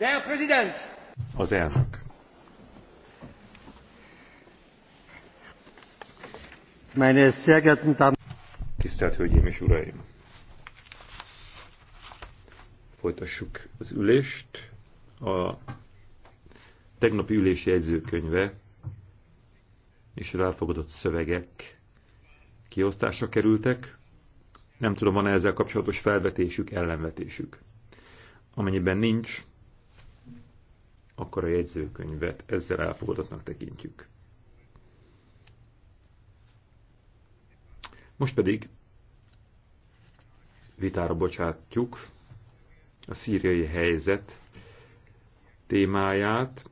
Der Präsident! Az elnök. Meine sehr geehrten Damen Tisztelt Hölgyeim és Uraim! Folytassuk az ülést. A tegnapi ülési jegyzőkönyve és elfogadott szövegek kiosztásra kerültek. Nem tudom, van-e ezzel kapcsolatos felvetésük, ellenvetésük. Amennyiben nincs, akkor a jegyzőkönyvet ezzel elfogadottnak tekintjük. Most pedig vitára bocsátjuk a szíriai helyzet témáját,